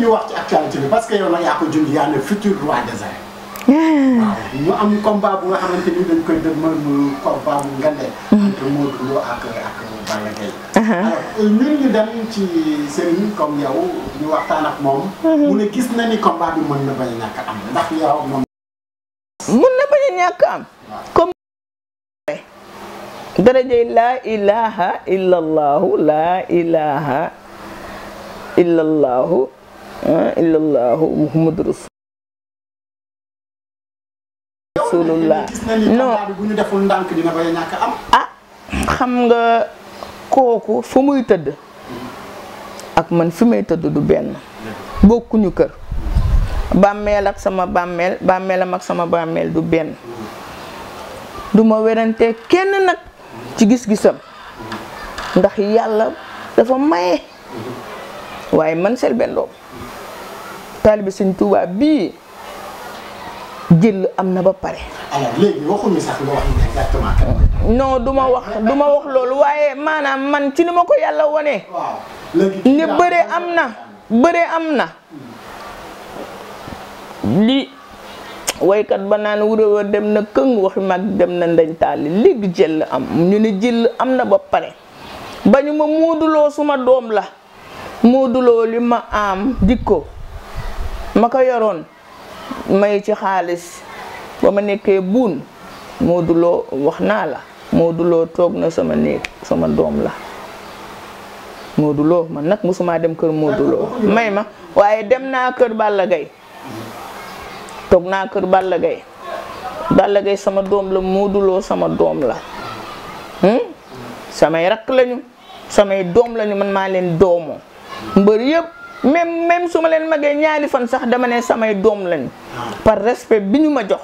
ñu wax ci actualité bi parce que yow nag yaa ko junj yaa ne futur roi des ñu am combat bu nga ni dañ koy demal mu combat bu mm-hmm. ak ak Balla Gaye. Uh-huh. alors ñun ñu dem ci sëriñ comme yow ñu waxtaan ak moom. Mm-hmm. mu gis na ni combat bi mën na bañ a ñàkk am ndax na bañ a ñàkk am. comme darajay laa ilaha illallahu laa ilaha illallahu. illallahu muhammadu rasul rasulullah non ah xam nga kooku fu muy tëdd ak man fi may tëdd du benn bokkuñu kër bàmmeel ak sama bàmmeel bàmmeelam ak sama bàmmeel du benn duma werante kenn nag ci gis-gisam ndax yàlla dafa maye waaye man Selbé Ndom taalibe sëñ Tuubaa bii jël am na ba pare. alors léegi wax exactement. wax loolu waaye maanaam man ci ni ma ko yàlla wone ne bëre am na bëre am na. li waykat ba naan wuré dem na këng waxi mag dem na ndañ taali léegi jël am ñu ne jël am na ba pare bañu ma muuduloo suma doom la. Modou li ma am dikko ma ko yoroon may ci xaalis ba ma nekkee buun Modou wax naa la Modou Lo toog na sama néeg sama doom la mooduloo ma nag mosumaa dem kër Modou may ma waaye dem naa kër Balla Gaye toog naa kër bàll Gaye Balla Gaye sama doom la mooduloo sama doom la hmm? samay rakk lañu samay doom lañu man maa leen doomoo mbër yëpp même même su ma leen magee ñaari fan sax dama ne samay doom lañ par respect bi ñu ma jox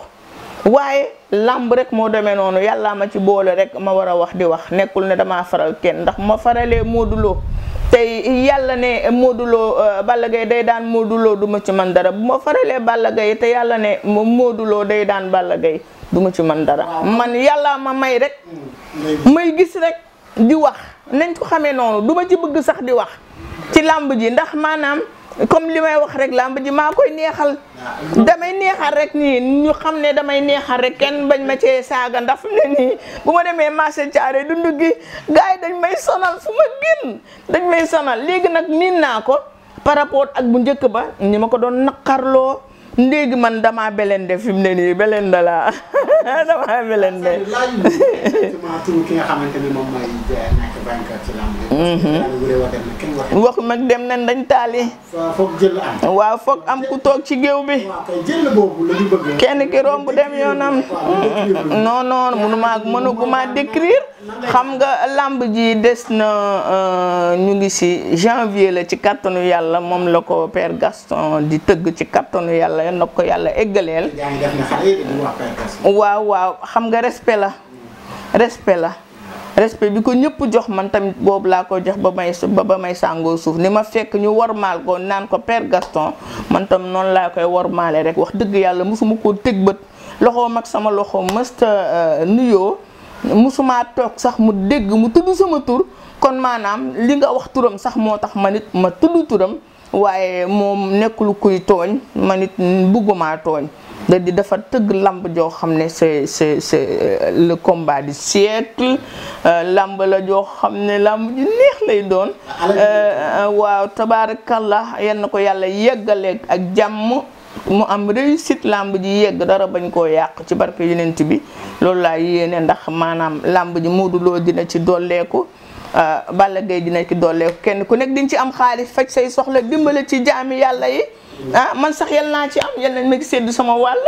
waaye làmb rek moo demee noonu yàllaa ma ci boole rek ma war a wax di wax nekkul ne damaa faral kenn ndax ma faralee Modou Lo tey yàlla ne mooduloo Lo euh, Balla day daan Modou Lo du ma ci man dara bu ma faralee Balla Gaye te yàlla ne Modou Lo day daan Balla Gaye du ma ci man dara man yàllaa ma may rek may gis rek di wax nañ ko xamee noonu du ma ci bëgg sax di wax ci làmb ji ndax maanaam comme li may wax rek làmb ji maa koy neexal damay neexal rek nii ñu xam ne damay neexal rek kenn bañ ma cee saaga ndax fi mu ne nii bu ma demee marché caare dund gi gars yi dañ may sonal fu ma génn dañ may sonal léegi nag miin naa ko par rapport ak bu njëkk ba ni ma ko doon naqarloo ndéegi man damaa belende fi mu ne nii belende laa damaa belende. ki nga xamante mhm. dem nañ dañ taali. foog jël am. ku toog ci géew bi. jël boobu la ñu kenn ki romb dem yoonam. non non mënuma mënuguma décrire. xam nga làmb ji des na euh, ñu ngi si janvier la ci kattanu yàlla moom la ko père Gaston di tëgg ci kattanu yàlla. yal na ko yàlla eggaleel. waaw waaw xam nga respe la. respe la. respect bi ko ñépp jox man tamit boobu laa ko jox ba may ba ba suuf ni ma fekk ñu wormaal ko naan ko Père Gaston man tam noonu laa koy wormaale rek wax dëgg yàlla mosuma koo tëg bët loxo ak sama loxo mësta euh, nuyoo mosuma toog sax mu dégg mu tudd sama tur kon maanaam li nga wax turam sax moo tax ma nit ma tudd turam. waaye moom nekkul kuy tooñ man it bëggumaa tooñ da di dafa tëgg làmb joo xam ne c'est c'est c'est euh, le combat du siècle euh, lamb la joo xam ne làmb ju neex lay doon euh, waaw tabaarakallah yal na ko yàlla yeggaleeg ak jàmm mu am réussite làmb ji yegg dara bañ koo yàq ci barke yonent bi loolu laa yéene ndax maanaam làmb ji Modou Lo dina ci dolleeku Euh, Balla Gaye dina ki dolleeku kenn ku nekk diñ ci am xaalis faj say soxla dimbale ci jaami yàlla yi ah, man sax yal naa ci am yal nañ ma ci séddu sama wàll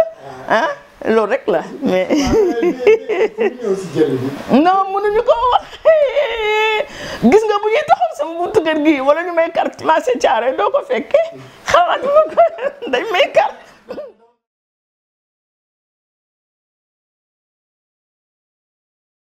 ah loolu rek la mais non mënuñu ko wax gis nga bu ñuy taxaw sama buntu kër gi wala ñu may carte marché caare doo ko fekkee xalaat ma ko dañ may carte